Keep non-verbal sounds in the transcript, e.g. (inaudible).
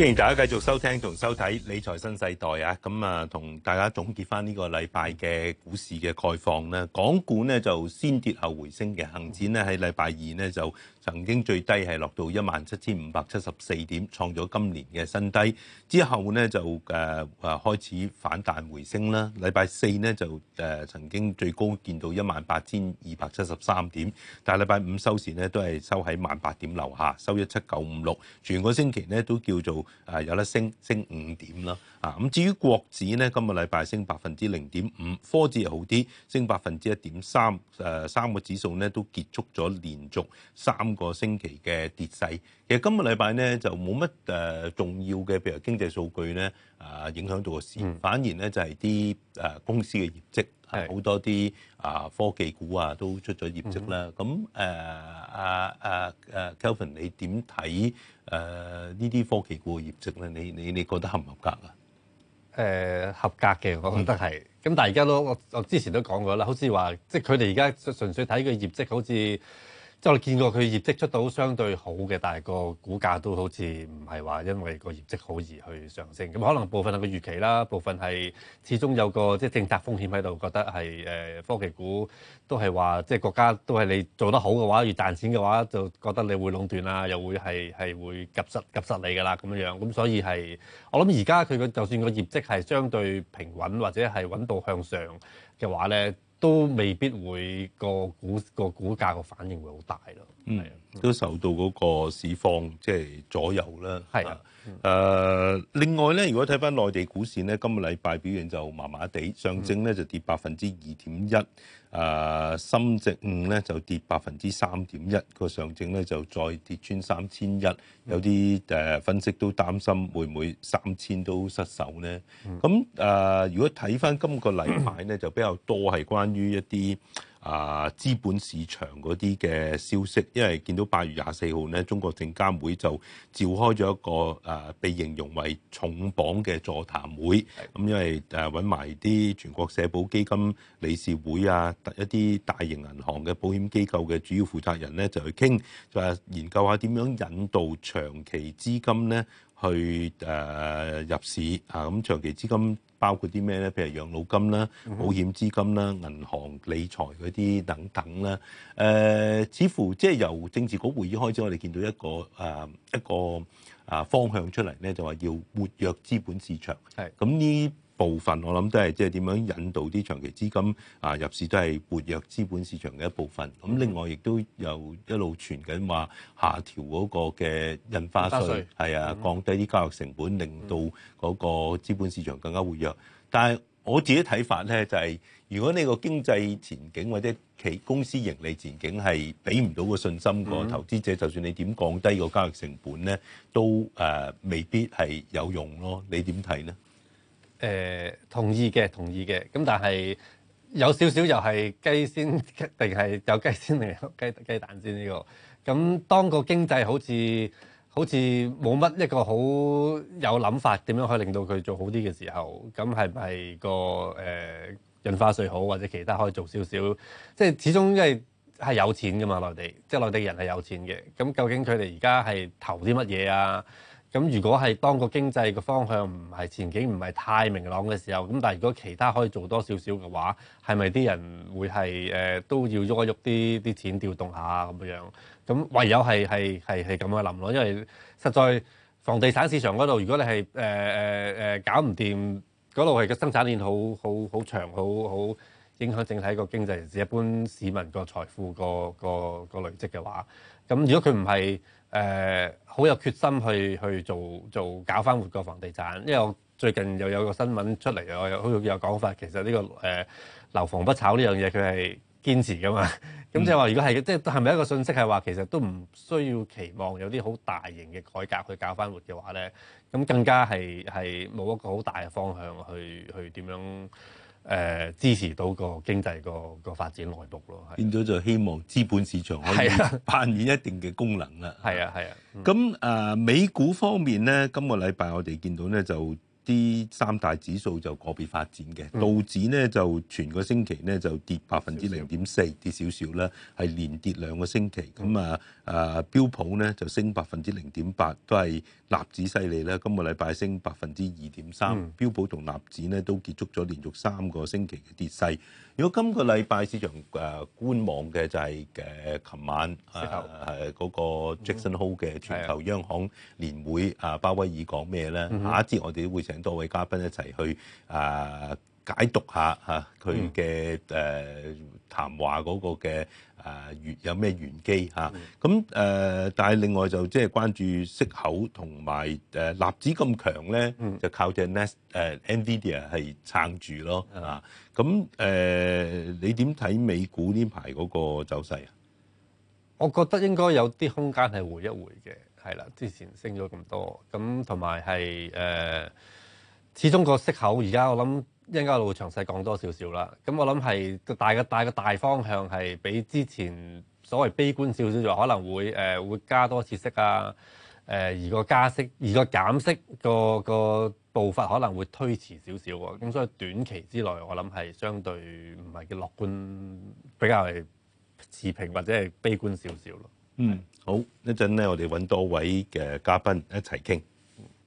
歡迎大家繼續收聽同收睇《理財新世代》啊！咁啊，同大家總結返呢個禮拜嘅股市嘅概況咧。港股咧就先跌後回升嘅，恒指咧喺禮拜二咧就曾經最低係落到一萬七千五百七十四點，創咗今年嘅新低。之後咧就誒誒開始反彈回升啦。禮拜四咧就誒曾經最高見到一萬八千二百七十三點，但係禮拜五收市咧都係收喺萬八點樓下，收一七九五六。全個星期咧都叫做誒有得升，升五點啦。啊，咁至於國指咧，今個禮拜升百分之零點五，科指又好啲，升百分之一點三。誒三個指數咧都結束咗連續三個星期嘅跌勢，其實今日禮拜咧就冇乜誒重要嘅，譬如經濟數據咧啊影響到嘅事，反而咧就係啲誒公司嘅業績，好多啲啊科技股啊都出咗業績啦。咁誒啊啊啊 Kelvin，你點睇誒呢啲科技股嘅業績咧？你你你覺得合唔合格啊？誒合格嘅，我覺得係。咁但係而家都，我我之前都講過啦，好似話即係佢哋而家純粹睇個業績，好似。即係你見過佢業績出到相對好嘅，但係個股價都好似唔係話因為個業績好而去上升。咁可能部分係個預期啦，部分係始終有個即係政策風險喺度，覺得係誒科技股都係話即係國家都係你做得好嘅話，越賺錢嘅話就覺得你會壟斷啦，又會係係會夾實夾實你㗎啦咁樣。咁所以係我諗而家佢個就算個業績係相對平穩或者係穩到向上嘅話咧。都未必會個股個股價個反應會好大咯。嗯，都受到嗰個市況即係左右啦。係啊，誒、嗯呃、另外咧，如果睇翻內地股市咧，今個禮拜表現就麻麻地，上證咧就跌百分之二點一，誒、呃、深證咧就跌百分之三點一，個上證咧就再跌穿三千一，有啲誒分析都擔心會唔會三千都失守咧。咁誒、嗯呃，如果睇翻今個禮拜咧， (coughs) 就比較多係關於一啲。啊，資本市場嗰啲嘅消息，因為見到八月廿四號呢，中國證監會就召開咗一個啊，被形容為重磅嘅座談會。咁的因為誒搵埋啲全國社保基金理事會啊，一啲大型銀行嘅保險機構嘅主要負責人呢，就去傾，就係研究下點樣引導長期資金呢去誒、啊、入市啊，咁長期資金。包括啲咩咧？譬如養老金啦、保險資金啦、銀行理財嗰啲等等啦。誒、呃，似乎即係由政治局會議開始，我哋見到一個誒、呃、一個啊方向出嚟咧，就話要活躍資本市場。係咁呢？部分我諗都係即係點樣引導啲長期資金啊入市，都係活躍資本市場嘅一部分。咁、嗯、另外亦都有一路傳緊話下調嗰個嘅印花稅，係啊，降低啲交易成本，嗯、令到嗰個資本市場更加活躍，但係我自己睇法咧，就係、係、如果你個經濟前景或者企公司盈利前景係俾唔到個信心個投資者，嗯、就算你點降低個交易成本咧，都誒、啊、未必係有用咯。你點睇咧？誒同意嘅，同意嘅。咁但係有少少又係雞先定係有雞先定有雞雞蛋先，呢個。咁、嗯、當個經濟好似好似冇乜一個好有諗法點樣可以令到佢做好啲嘅時候，咁係咪係個誒印花稅好或者其他可以做少少？即係始終因為係有錢噶嘛，內地即係內地人係有錢嘅。咁、嗯、究竟佢哋而家係投啲乜嘢啊？咁如果係當個經濟嘅方向唔係前景唔係太明朗嘅時候，咁但係如果其他可以做多少少嘅話，係咪啲人會係誒、呃、都要喐一喐啲啲錢調動下咁樣？咁唯有係係係係咁樣諗咯，因為實在房地產市場嗰度，如果你係誒誒誒搞唔掂，嗰度係個生產鏈好好好長好好。影響整體個經濟，甚至，一般市民個財富個個個累積嘅話，咁如果佢唔係誒好有決心去去做做搞翻活個房地產，因為我最近又有個新聞出嚟，我有有講法，其實呢、這個誒樓、呃、房不炒呢樣嘢，佢係堅持噶嘛。咁即係話，如果係、嗯、即係係咪一個訊息，係話其實都唔需要期望有啲好大型嘅改革去搞翻活嘅話咧，咁更加係係冇一個好大嘅方向去去點樣？誒、呃、支持到個經濟個個發展內部咯，變咗就希望資本市場可以的扮演一定嘅功能啦。係啊係啊，咁啊、呃、美股方面咧，今個禮拜我哋見到咧就。啲三大指數就個別發展嘅，道指呢就全個星期呢就跌百分之零點四，跌少少啦，係連跌兩個星期。咁啊啊標普呢就升百分之零點八，都係納指犀利啦。今個禮拜升百分之二點三，嗯、標普同納指呢都結束咗連續三個星期嘅跌勢，如果今個禮拜市場誒觀望嘅就係誒琴晚誒嗰個、啊那個 Jackson Hole 嘅全球央行年會啊，鮑威爾講咩咧？下一節我哋會會成。多位嘉賓一齊去啊，解讀下嚇佢嘅誒談話嗰個嘅啊玄有咩玄機嚇咁誒？但係另外就即係關注息口同埋誒粒指咁強咧，嗯、就靠隻 N 誒、啊、Nvidia 係撐住咯，係咁誒，你點睇美股呢排嗰個走勢啊？我覺得應該有啲空間係回一回嘅，係啦。之前升咗咁多，咁同埋係誒。始終個息口，而家我諗一陣間我會詳細講多少少啦。咁我諗係個大嘅大嘅大方向係比之前所謂悲觀少少，就可能會誒、呃、會加多次息啊。誒、呃、而個加息而個減息個個步伐可能會推遲少少喎。咁所以短期之內我諗係相對唔係叫樂觀，比較持平或者係悲觀少少咯。嗯，好一陣咧，我哋揾多位嘅嘉賓一齊傾。